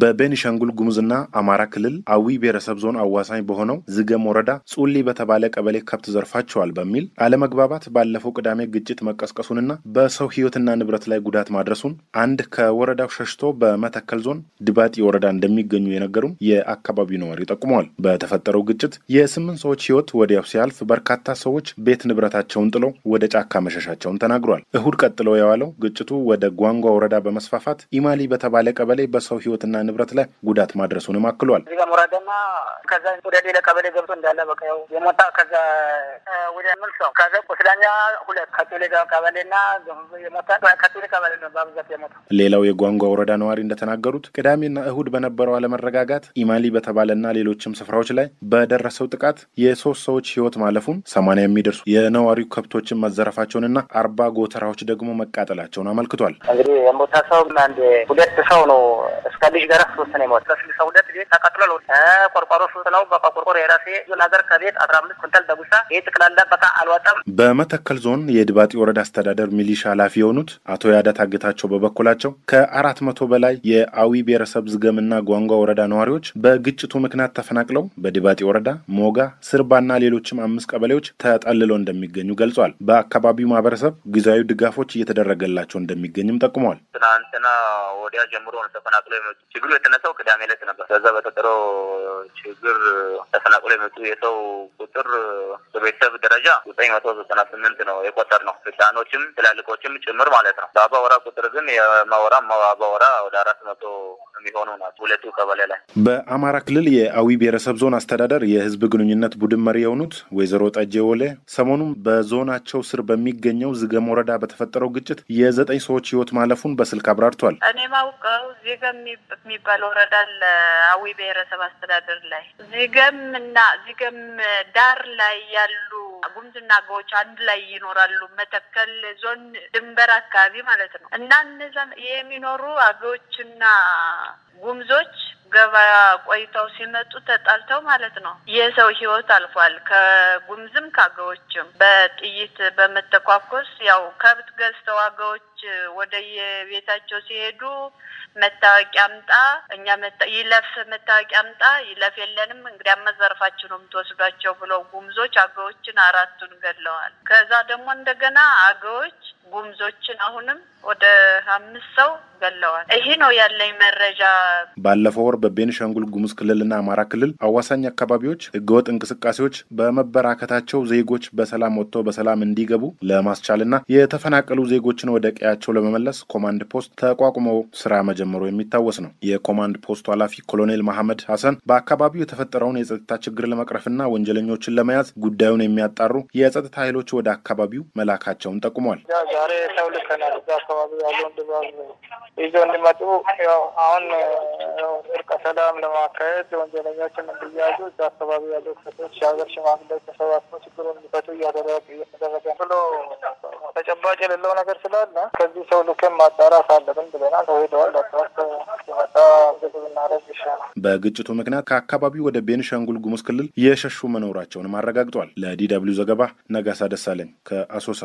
በቤኒሻንጉል ጉሙዝና አማራ ክልል አዊ ብሔረሰብ ዞን አዋሳኝ በሆነው ዝገም ወረዳ ጹሊ በተባለ ቀበሌ ከብት ዘርፋቸዋል በሚል አለመግባባት ባለፈው ቅዳሜ ግጭት መቀስቀሱንና በሰው ሕይወትና ንብረት ላይ ጉዳት ማድረሱን አንድ ከወረዳው ሸሽቶ በመተከል ዞን ድባጢ ወረዳ እንደሚገኙ የነገሩን የአካባቢው ነዋሪ ጠቁመዋል። በተፈጠረው ግጭት የስምንት ሰዎች ሕይወት ወዲያው ሲያልፍ በርካታ ሰዎች ቤት ንብረታቸውን ጥለው ወደ ጫካ መሸሻቸውን ተናግሯል። እሁድ ቀጥለው የዋለው ግጭቱ ወደ ጓንጓ ወረዳ በመስፋፋት ኢማሊ በተባለ ቀበሌ በሰው ሕይወትና ንብረት ላይ ጉዳት ማድረሱንም አክሏል። እዚህ ጋር ሞራዳና ከዛ ወደ ሌላ ቀበሌ ገብቶ እንዳለ በቃ ያው የሞታ ከዛ ወደ ምል ከዛ ቁስለኛ ሁለት ከቴሌ ቀበሌና የሞታ ከቴሌ ቀበሌ ነው በብዛት የሞታ። ሌላው የጓንጓ ወረዳ ነዋሪ እንደተናገሩት ቅዳሜና እሁድ በነበረው አለመረጋጋት ኢማሊ በተባለና ሌሎችም ስፍራዎች ላይ በደረሰው ጥቃት የሶስት ሰዎች ህይወት ማለፉን ሰማንያ የሚደርሱ የነዋሪው ከብቶችን መዘረፋቸውንና አርባ ጎተራዎች ደግሞ መቃጠላቸውን አመልክቷል። እንግዲህ የሞታ ሰው አንድ ሁለት ሰው ነው እስከ ልጅ ሲደረስ ሶስት ነው የሞት ከስልሳ ሁለት ቤት ተቀጥሎ ቆርቆሮ ሶስት ነው። በቆርቆሮ የራሴ ዞን ከቤት አስራ አምስት ኩንታል ዳጉሳ ይህ ጠቅላላ በቃ አልወጣም። በመተከል ዞን የድባጢ ወረዳ አስተዳደር ሚሊሻ ኃላፊ የሆኑት አቶ ያዳ ታግታቸው በበኩላቸው ከአራት መቶ በላይ የአዊ ብሔረሰብ ዝገምና ጓንጓ ወረዳ ነዋሪዎች በግጭቱ ምክንያት ተፈናቅለው በድባጢ ወረዳ ሞጋ፣ ስርባና ሌሎችም አምስት ቀበሌዎች ተጠልለው እንደሚገኙ ገልጿል። በአካባቢው ማህበረሰብ ጊዜያዊ ድጋፎች እየተደረገላቸው እንደሚገኝም ጠቁመዋል። ትናንትና ወዲያ ጀምሮ ተፈናቅለው የመጡ ችግሩ የተነሳው ቅዳሜ ዕለት ነበር። ከዛ በተጠረው ችግር ተፈናቅሎ የመጡ የሰው ቁጥር በቤተሰብ ደረጃ ዘጠኝ መቶ ዘጠና ስምንት ነው የቆጠር ነው ህፃኖችም ትላልቆችም ጭምር ማለት ነው። በአባወራ ቁጥር ግን የማወራ አባወራ ወደ አራት መቶ የሚሆኑ ናቸው ሁለቱ ቀበሌ ላይ። በአማራ ክልል የአዊ ብሔረሰብ ዞን አስተዳደር የህዝብ ግንኙነት ቡድን መሪ የሆኑት ወይዘሮ ጣጄ ወሌ ሰሞኑን በዞናቸው ስር በሚገኘው ዝገም ወረዳ በተፈጠረው ግጭት የዘጠኝ ሰዎች ህይወት ማለፉን በስልክ አብራርቷል። እኔ ማውቀው ዚገም የሚባል ወረዳ ለአዊ ብሔረሰብ አስተዳደር ላይ ዚገም እና ዚገም ዳር ላይ ያሉ ጉምዝና ጎች አንድ ላይ ይኖራሉ። መተከል ዞን ድንበር አካባቢ ማለት ነው እና እነዛ የሚኖሩ አገዎችና ጉምዞች ገበያ ቆይተው ሲመጡ ተጣልተው ማለት ነው የሰው ህይወት አልፏል። ከጉምዝም ከአገዎችም በጥይት በመተኳኮስ ያው ከብት ገዝተው አገዎች ወደ የቤታቸው ሲሄዱ መታወቂያ አምጣ፣ እኛ ይለፍ መታወቂያ አምጣ፣ ይለፍ የለንም እንግዲህ አመዘርፋችሁ ነው የምትወስዷቸው ብለው ጉምዞች አገዎችን አራቱን ገድለዋል። ከዛ ደግሞ እንደገና አገዎች ጉምዞችን አሁንም ወደ አምስት ሰው ገለዋል። ይሄ ነው ያለኝ መረጃ። ባለፈው ወር በቤንሻንጉል ጉሙዝ ክልልና አማራ ክልል አዋሳኝ አካባቢዎች ህገወጥ እንቅስቃሴዎች በመበራከታቸው ዜጎች በሰላም ወጥተው በሰላም እንዲገቡ ለማስቻልና የተፈናቀሉ ዜጎችን ወደ ቀያቸው ለመመለስ ኮማንድ ፖስት ተቋቁመው ስራ መጀመሩ የሚታወስ ነው። የኮማንድ ፖስቱ ኃላፊ ኮሎኔል መሐመድ ሀሰን በአካባቢው የተፈጠረውን የጸጥታ ችግር ለመቅረፍና ወንጀለኞችን ለመያዝ ጉዳዩን የሚያጣሩ የጸጥታ ኃይሎች ወደ አካባቢው መላካቸውን ጠቁሟል። ዛሬ ሰው ልከናል። እዛ አካባቢ ያለውን ድባብ ይዞ እንዲመጡ ያው አሁን እርቀ ሰላም ለማካሄድ ወንጀለኞችን እንዲያዙ እዛ አካባቢ ያሉ ክቶች የሀገር ሽማግሌዎች ተሰባስበው ችግሩን እንዲፈቱ እያደረገ ብሎ ተጨባጭ የሌለው ነገር ስላለ ከዚህ ሰው ልክም ማጣራት አለብን ብለናል። ተሄደዋል አራት ሲመጣ ብዙ ብናደርግ ይሻላል። በግጭቱ ምክንያት ከአካባቢው ወደ ቤንሻንጉል ጉሙዝ ክልል የሸሹ መኖራቸውንም አረጋግጧል። ለዲ ደብልዩ ዘገባ ነጋሳ ደሳለኝ ከአሶሳ